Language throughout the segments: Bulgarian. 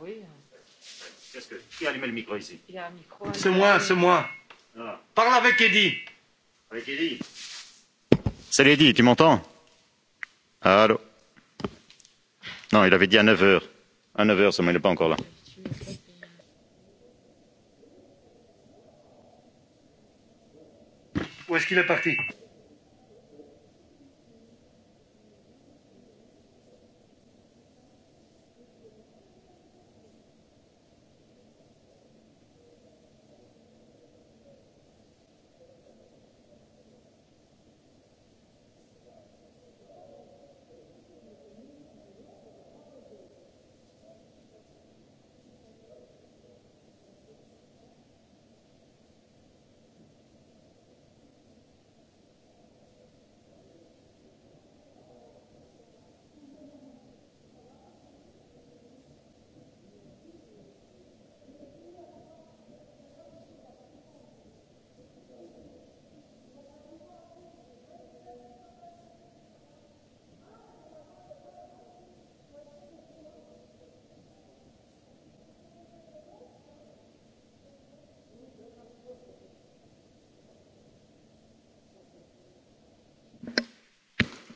oui. Qu'est-ce que... Qui a allumé le micro ici Il y a un micro. C'est moi, c'est moi. Ah. Parle avec Eddie. Avec Eddie. Salut Eddie, tu m'entends Allô Non, il avait dit à 9h. À 9h, ça, mais il n'est pas encore là. Où est-ce qu'il est parti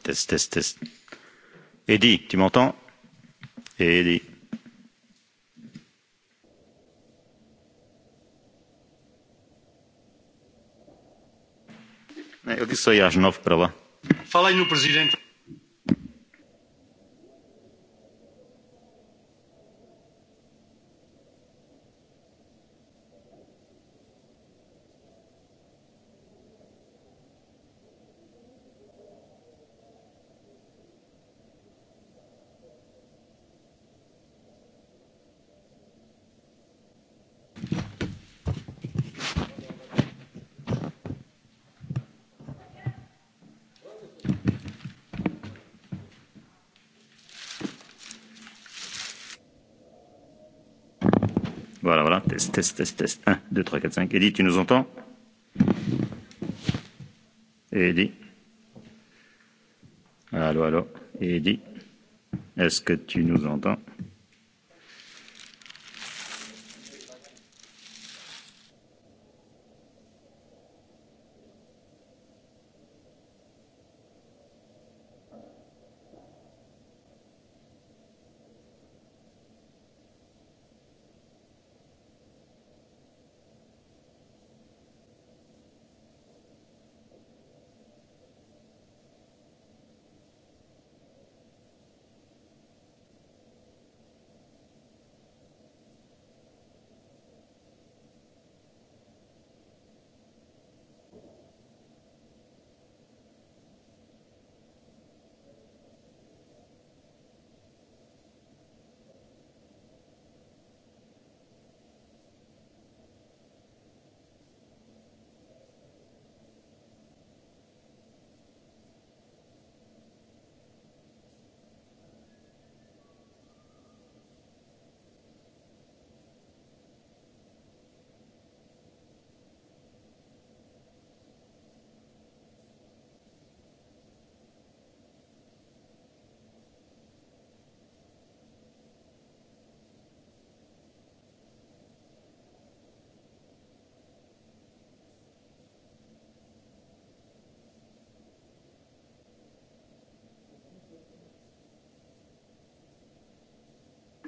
Test, test, test. Eddie, tu m'entends Eddie. Eu disse aí às nove para lá. Fala aí no presidente. Test, test, test, test. 1, 2, 3, 4, 5. Eddie, tu nous entends Eddie Allô, allô Eddie Est-ce que tu nous entends